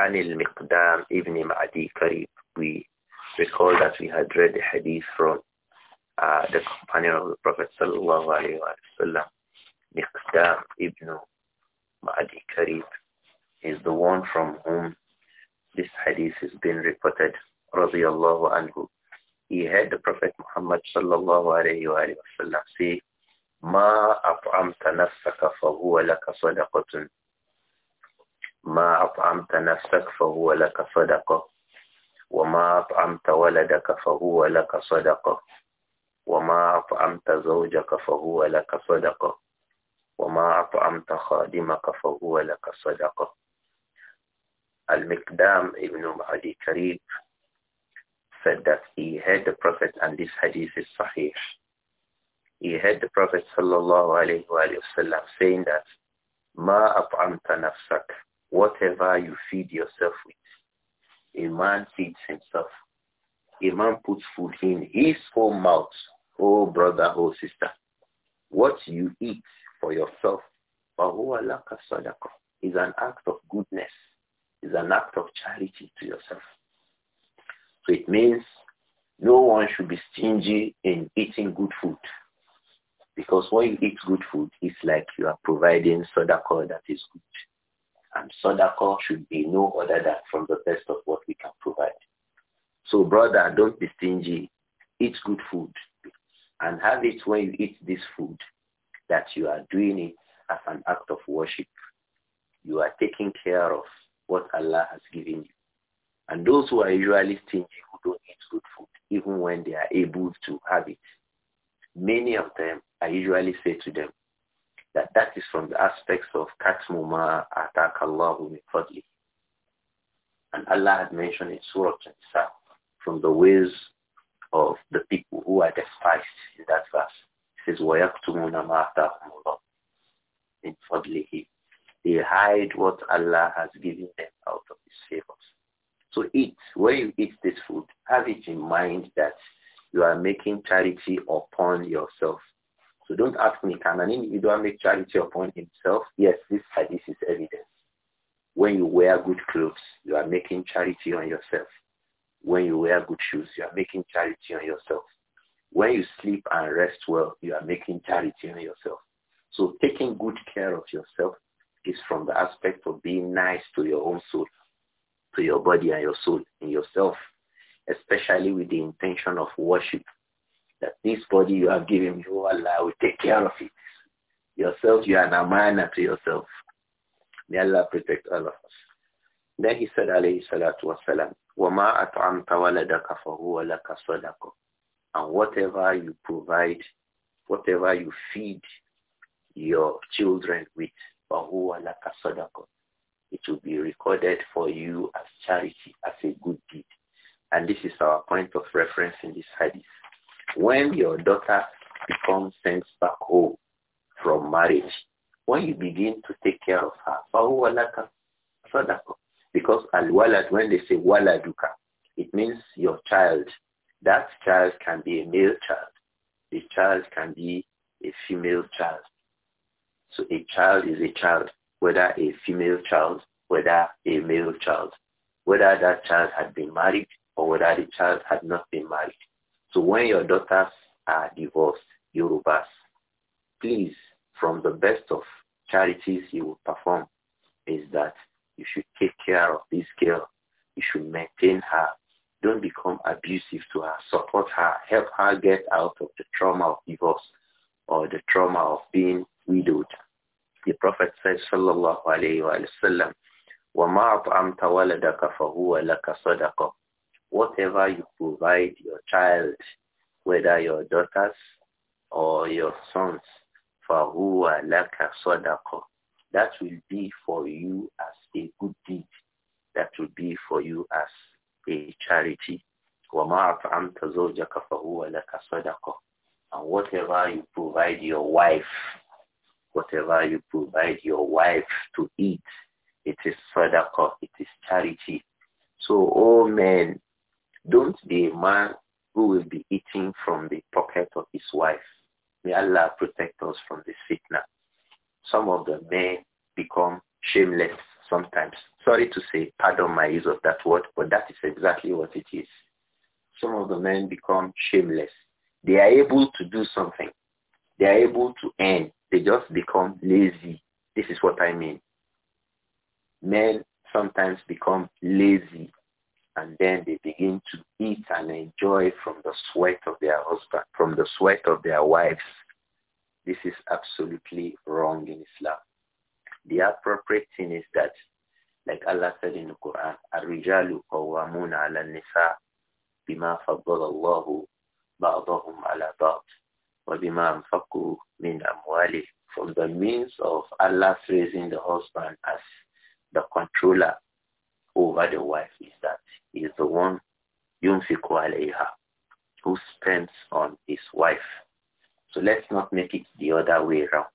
عن المقدام ابن معدي كريب we recall that we had read the hadith from uh, the companion of the Prophet صلى الله عليه وسلم مقدام ابن معدي كريب is the one from whom this hadith is being reported, radiallahu anhu. He heard the Prophet Muhammad sallallahu alayhi wa sallam say, ما أطعمت نفسك فهو لك صدقة ما أطعمت نفسك فهو لك صدقة وما أطعمت ولدك فهو لك صدقة وما أطعمت زوجك فهو لك صدقة وما أطعمت خادمك فهو لك صدقة Al-Miqdam ibn Mahdi Karib said that he heard the Prophet, and this hadith is sahih. He heard the Prophet sallallahu alayhi wa sallam saying that, Ma abamta nafsak, whatever you feed yourself with. A man feeds himself. A man puts food in his own mouth. Oh brother, oh sister, what you eat for yourself, is an act of goodness is an act of charity to yourself. So it means no one should be stingy in eating good food. Because when you eat good food, it's like you are providing sadaqah that is good. And sadaqah should be no other than from the best of what we can provide. So brother, don't be stingy. Eat good food. And have it when you eat this food that you are doing it as an act of worship. You are taking care of what Allah has given you. And those who are usually stingy, who don't eat good food, even when they are able to have it, many of them, I usually say to them that that is from the aspects of katmuma atakallahu min And Allah had mentioned in Surah An-Nisa from the ways of the people who are despised in that verse. He says, وَيَكْتُمُونَ مَا آتَاهُمُ اللَّهُ مِنْ فَضْلِهِ they hide what Allah has given them out of his favors. So eat. When you eat this food, have it in mind that you are making charity upon yourself. So don't ask me, can an individual make charity upon himself? Yes, this hadith is evidence. When you wear good clothes, you are making charity on yourself. When you wear good shoes, you are making charity on yourself. When you sleep and rest well, you are making charity on yourself. So taking good care of yourself is from the aspect of being nice to your own soul, to your body and your soul in yourself, especially with the intention of worship. That this body you have given me, oh Allah will take care of it. Yourself, you are an amana to yourself. May Allah protect all of us. Then he said, alayhi salatu wasalam, وَمَا أَطْعَمْتَ وَلَدَكَ فَهُوَ لَكَ صَدَقَ And whatever you provide, whatever you feed your children with, فَهُوَ لَكَ صَدَقٌ It will be recorded for you as charity, as a good deed. And this is our point of reference in this hadith. When your daughter becomes sent back home from marriage, when you begin to take care of her, فَهُوَ لَكَ صَدَقٌ Because al-walad, when they say waladuka, it means your child. That child can be a male child. The child can be a female child. So a child is a child, whether a female child, whether a male child, whether that child had been married or whether the child had not been married. So when your daughters are divorced, Yorubas, please, from the best of charities you will perform is that you should take care of this girl. You should maintain her. Don't become abusive to her. Support her. Help her get out of the trauma of divorce or the trauma of being we widowed. The Prophet says, Sallallahu Alaihi Wasallam, وَمَا أَطْعَمْتَ وَلَدَكَ فَهُوَ لَكَ Whatever you provide your child, whether your daughters or your sons, فَهُوَ لَكَ صَدَقَةٌ That will be for you as a good deed. That will be for you as a charity. وَمَا أَطْعَمْتَ زَوْجَكَ فَهُوَ لَكَ And whatever you provide your wife, Whatever you provide your wife to eat, it is sadaqah, it is charity. So, oh men, don't be a man who will be eating from the pocket of his wife. May Allah protect us from this fitna. Some of the men become shameless sometimes. Sorry to say, pardon my use of that word, but that is exactly what it is. Some of the men become shameless. They are able to do something. They are able to earn. They just become lazy. This is what I mean. Men sometimes become lazy and then they begin to eat and enjoy from the sweat of their husband, from the sweat of their wives. This is absolutely wrong in Islam. The appropriate thing is that, like Allah said in the Quran, الرجال قوامون على النساء بما فضل الله بعضهم على بعض from the means of Allah raising the husband as the controller over the wife is that he is the one يُنْفِقُ عَلَيْهَا who spends on his wife. So let's not make it the other way around.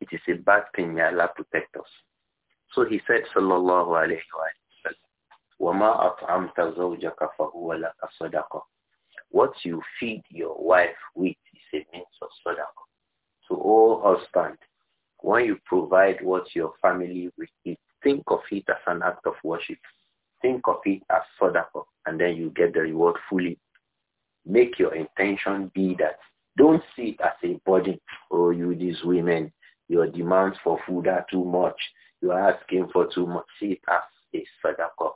It is a bad thing. May Allah protect us. So he said, Sallallahu alayhi wa وَمَا أَطْعَمْتَ زَوْجَكَ فَهُوَ لَكَ صَدَقَةً What you feed your wife with sadaqah. to all husband, when you provide what your family receives, think of it as an act of worship. Think of it as sadaqah, and then you get the reward fully. Make your intention be that. Don't see it as a burden. Oh, you these women, your demands for food are too much. You are asking for too much. See it as a sadaqah.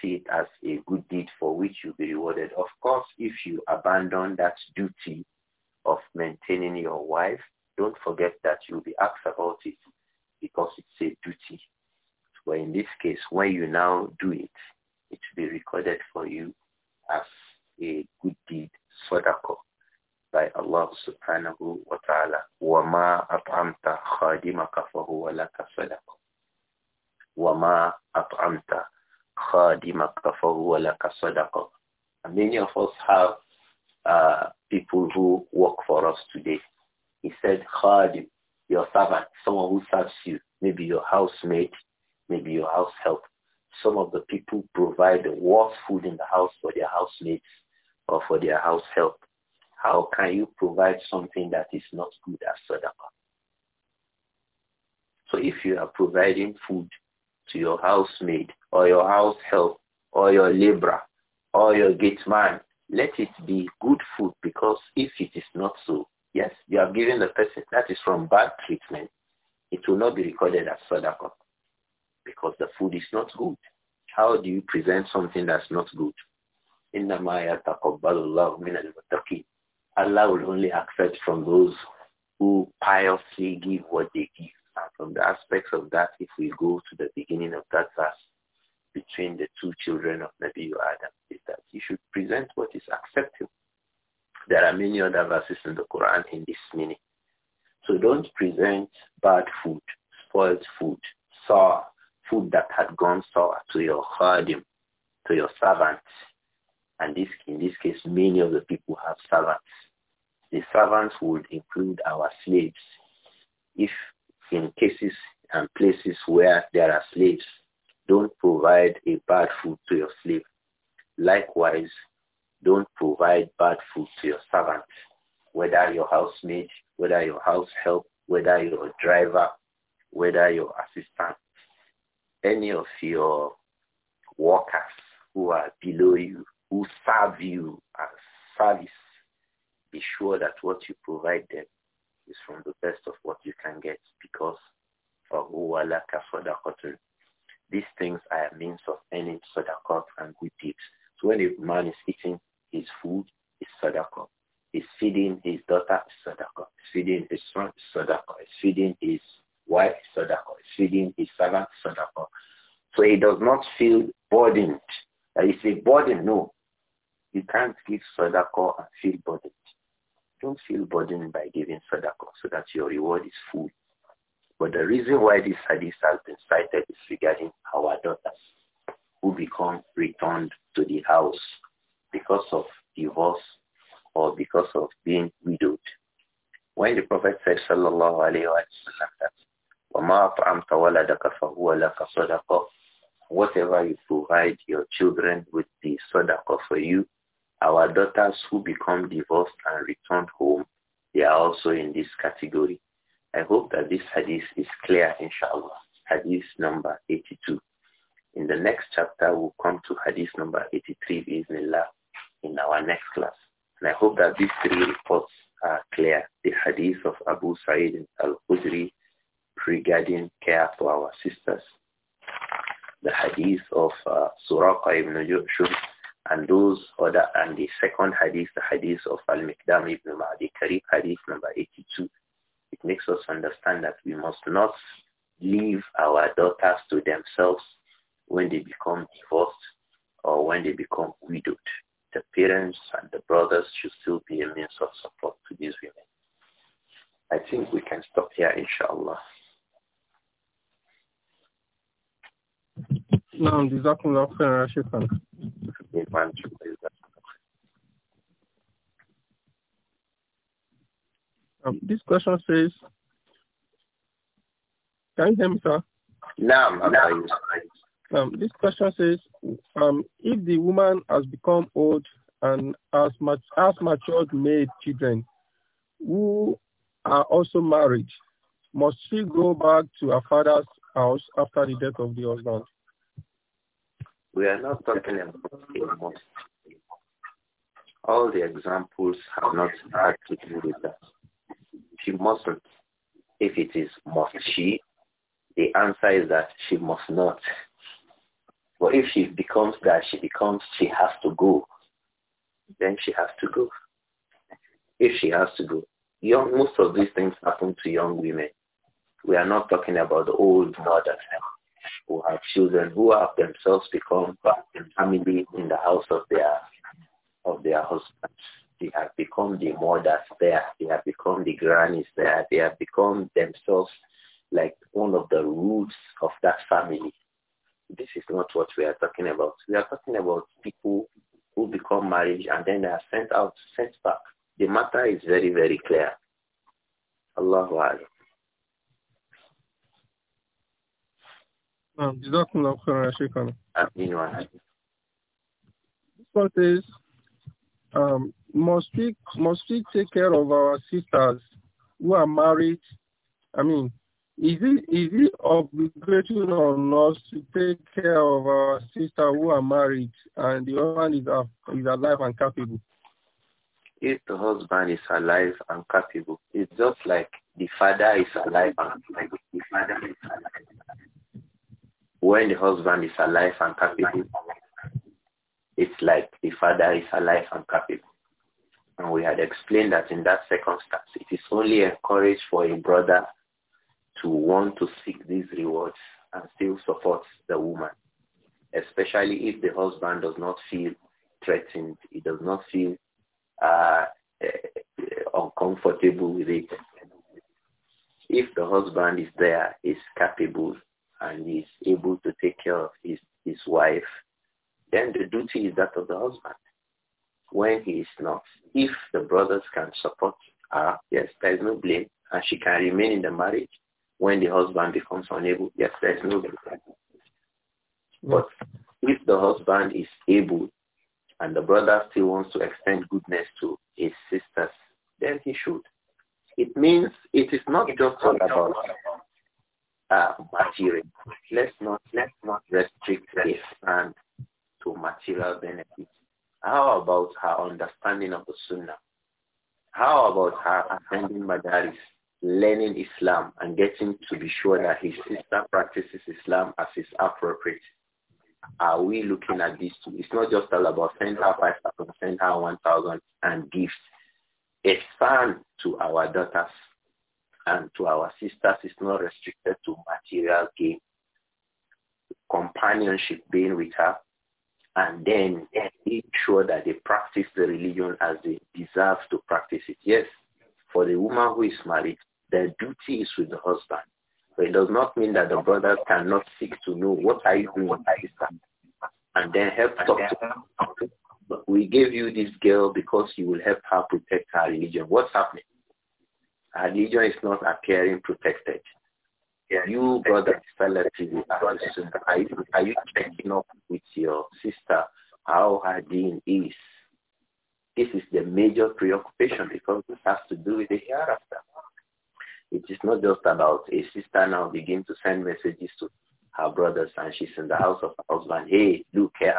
See it as a good deed for which you'll be rewarded. Of course, if you abandon that duty of maintaining your wife, don't forget that you'll be asked about it because it's a duty. But in this case, when you now do it, it will be recorded for you as a good deed, sadaqah, by Allah subhanahu wa ta'ala. وَمَا أَطْعَمْتَ خَادِمَكَ فَهُوَ لَكَ صَدَقَةٌ وَمَا أَطْعَمْتَ خَادِمَكَ فَهُوَ لَكَ صَدَقَةٌ Many of us have uh, people who work for us today. He said, Khadim, your servant, someone who serves you, maybe your housemaid, maybe your house help. Some of the people provide the worst food in the house for their housemates or for their house help. How can you provide something that is not good as sadaqah? So if you are providing food to your housemaid or your house help or your laborer or your gate man let it be good food because if it is not so, yes, you have given the person, that is from bad treatment. It will not be recorded as sadaqah because the food is not good. How do you present something that's not good? إِنَّمَا يَتَقَبَّلُ اللَّهُ مِنَ الْمُتَّقِينَ Allah will only accept from those who piously give what they give. And from the aspects of that, if we go to the beginning of that verse, between the two children of Nabi Adam is that he should present what is acceptable. There are many other verses in the Quran in this meaning. So don't present bad food, spoiled food, sour, food that had gone sour to your khadim, to your servants. And this, in this case, many of the people have servants. The servants would include our slaves. If in cases and places where there are slaves, don't provide a bad food to your slave. Likewise, don't provide bad food to your servant, whether your housemaid, whether your house help, whether your driver, whether your assistant, any of your workers who are below you, who serve you as service, be sure that what you provide them is from the best of what you can get because فَهُوَ لَكَ صَدَقَةٌ these things are means of earning sadaqah and good deeds. So when a man is eating his food, is sadaqah. He's feeding his daughter, sadaqah. He's feeding his son, is sadaqah. He's feeding his wife, sadaqah. He's feeding his servant, sadaqah. So he does not feel burdened. That is a burden, no. You can't give sadaqah and feel burdened. Don't feel burdened by giving sadaqah so that your reward is full. But the reason why this hadith has been cited is regarding our daughters who become returned to the house because of divorce or because of being widowed. When the Prophet said, Sallallahu Alaihi Wasallam, that Whatever you provide your children with the sadaqah for you, our daughters who become divorced and returned home, they are also in this category. I hope that this hadith is clear, inshallah. Hadith number 82. In the next chapter, we'll come to hadith number 83, Bismillah, in our next class. And I hope that these three reports are clear. The hadith of Abu Sa'id al-Khudri regarding care for our sisters. The hadith of uh, Suraqa ibn Jushur and those other, and the second hadith, the hadith of Al-Mikdam ibn Ma'adi Karib, hadith number 82 it makes us understand that we must not leave our daughters to themselves when they become divorced or when they become widowed. The parents and the brothers should still be a means of support to these women. I think we can stop here, inshallah. نعم جزاكم الله خيرا Um, this question says, can you hear me, sir? No, no. Um, this question says, um, if the woman has become old and has, mat- has matured made children who are also married, must she go back to her father's house after the death of the husband? We are not talking about a must. All the examples have not had to do with that she mustn't. If it is must she, the answer is that she must not. But if she becomes that, she becomes she has to go, then she has to go. If she has to go. Young, most of these things happen to young women. We are not talking about the old mothers who have children who have themselves become family in the house of their of their husbands. They have become the mothers there. They have become the grannies there. They have become themselves like one of the roots of that family. This is not what we are talking about. We are talking about people who become married and then they are sent out, sent back. The matter is very, very clear. Allahu Akbar. Um, this one is um, must we must we take care of our sisters who are married? I mean, is it is it obligatory on us to take care of our sister who are married and the husband is is alive and capable? If the husband is alive and capable, it's just like the father is alive and capable. The father is alive. When the husband is alive and capable, it's like the father is alive and capable. And we had explained that in that circumstance, it is only encouraged for a brother to want to seek these rewards and still support the woman, especially if the husband does not feel threatened, he does not feel uh, eh, uncomfortable with it. If the husband is there, is capable, and is able to take care of his, his wife, then the duty is that of the husband when he is not. If the brothers can support her, yes, there is no blame, and she can remain in the marriage. When the husband becomes unable, yes, there is no blame. But if the husband is able and the brother still wants to extend goodness to his sisters, then he should. It means it is not just about uh, material. Let's not let's not restrict the expand to material benefits how about her understanding of the Sunnah? How about her attending madaris, learning Islam, and getting to be sure that his sister practices Islam as is appropriate? Are we looking at these two? It's not just all about send her 5,000, send her 1,000 and gifts. Expand to our daughters and to our sisters It's not restricted to material gain. Companionship being with her, and then ensure that they practice the religion as they deserve to practice it. Yes, for the woman who is married, the duty is with the husband. But it does not mean that the brother cannot seek to know what are you doing, what are you and then help talk to her. But we gave you this girl because you will help her protect her religion. What's happening? Her religion is not appearing protected you brother Salafi, are you, are you checking up with your sister how her dean is? This is the major preoccupation because this has to do with the hereafter. It is not just about a sister now begin to send messages to her brothers and she's in the house of her husband. Hey, look here,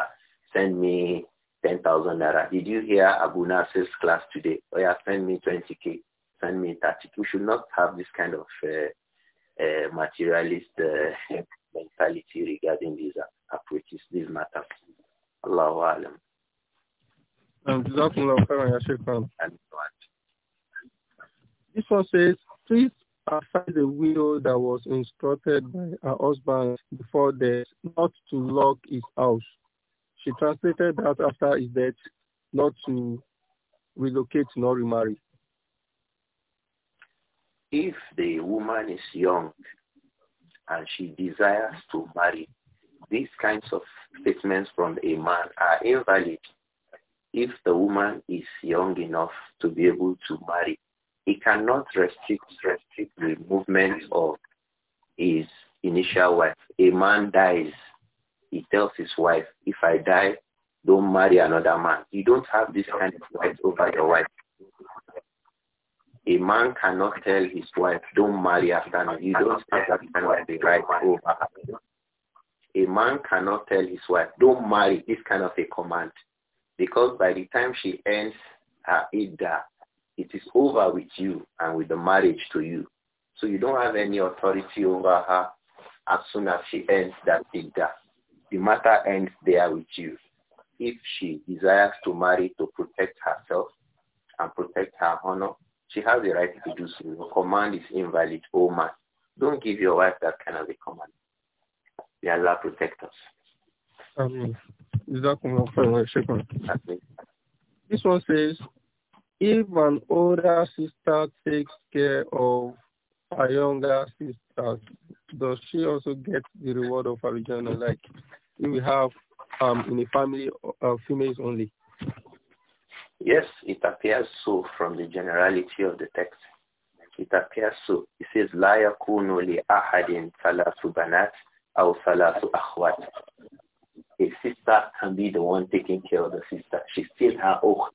send me 10,000 naira. Did you hear Abu Nasir's class today? Oh yeah, send me 20k, send me 30. We should not have this kind of uh, materialist uh, mentality regarding these approaches, these matters. Allahu alam. Um, um, this one says, please find the widow that was instructed by her husband before death not to lock his house. She translated that after his death, not to relocate nor remarry. If the woman is young and she desires to marry, these kinds of statements from a man are invalid if the woman is young enough to be able to marry. He cannot restrict, restrict the movement of his initial wife. A man dies. He tells his wife, if I die, don't marry another man. You don't have this kind of right over your wife. A man cannot tell his wife, don't marry after me. You don't think that kind of a right over. A man cannot tell his wife, don't marry this kind of a command. Because by the time she ends her idda, it is over with you and with the marriage to you. So you don't have any authority over her as soon as she ends that idda. The matter ends there with you. If she desires to marry to protect herself and protect her honor, she has the right to do so. Your command is invalid, O oh man. Don't give your wife that kind of a command. May Allah protect us. Um, Amen. this one says, if an older sister takes care of a younger sister, does she also get the reward of Arijana? Like if we have um, in a family uh, females only, Yes, it appears so from the generality of the text. It appears so. It says, لا يكون لأحد ثلاث بنات أو ثلاث أخوات. A sister can be the one taking care of the sister. She's still her own.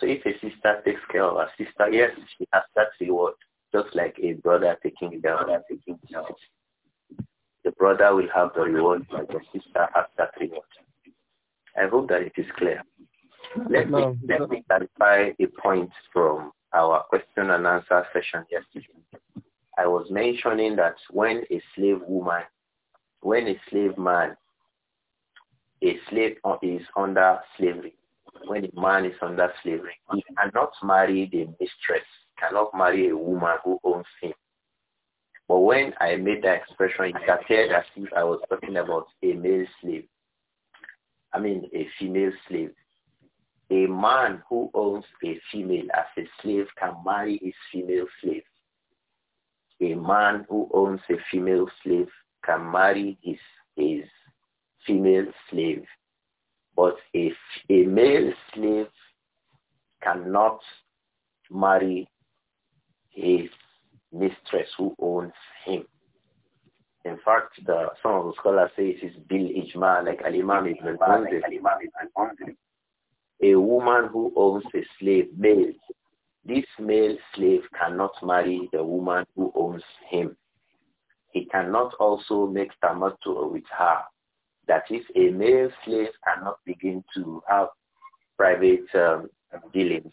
So if a sister takes care of her sister, yes, she has that reward, just like a brother taking care of her taking care of. The brother will have the reward, but the sister has that reward. I hope that it is clear. Let me, let me clarify a point from our question and answer session yesterday. I was mentioning that when a slave woman, when a slave man, a slave is under slavery, when a man is under slavery, he cannot marry the mistress, cannot marry a woman who owns him. But when I made that expression, it appeared as if I was talking about a male slave. I mean, a female slave a man who owns a female as a slave can marry his female slave. A man who owns a female slave can marry his, his female slave. But a a male slave cannot marry his mistress who owns him. In fact, the, some of the scholars say it is Bil Ijma, like Al-Imam Ibn Munzir a woman who owns a slave male, this male slave cannot marry the woman who owns him. He cannot also make tamattu with her. That is, a male slave cannot begin to have private um, dealings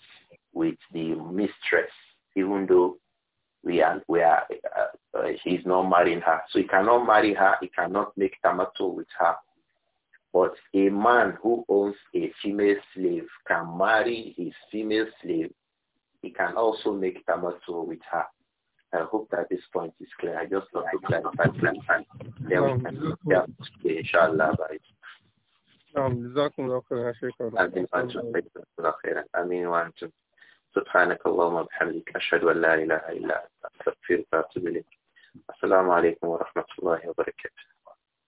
with the mistress, even though we are, we are, uh, uh, he's not marrying her. So he cannot marry her. He cannot make tamattu with her. But a man who owns a female slave can marry his female slave. He can also make tamato with her. I hope that this point is clear. I just want to clarify that. Then we can yeah, inshallah. نعم جزاكم الله خيرا يا شيخ سبحانك اللهم وبحمدك اشهد ان لا اله الا انت استغفرك واتوب اليك السلام عليكم الله وبركاته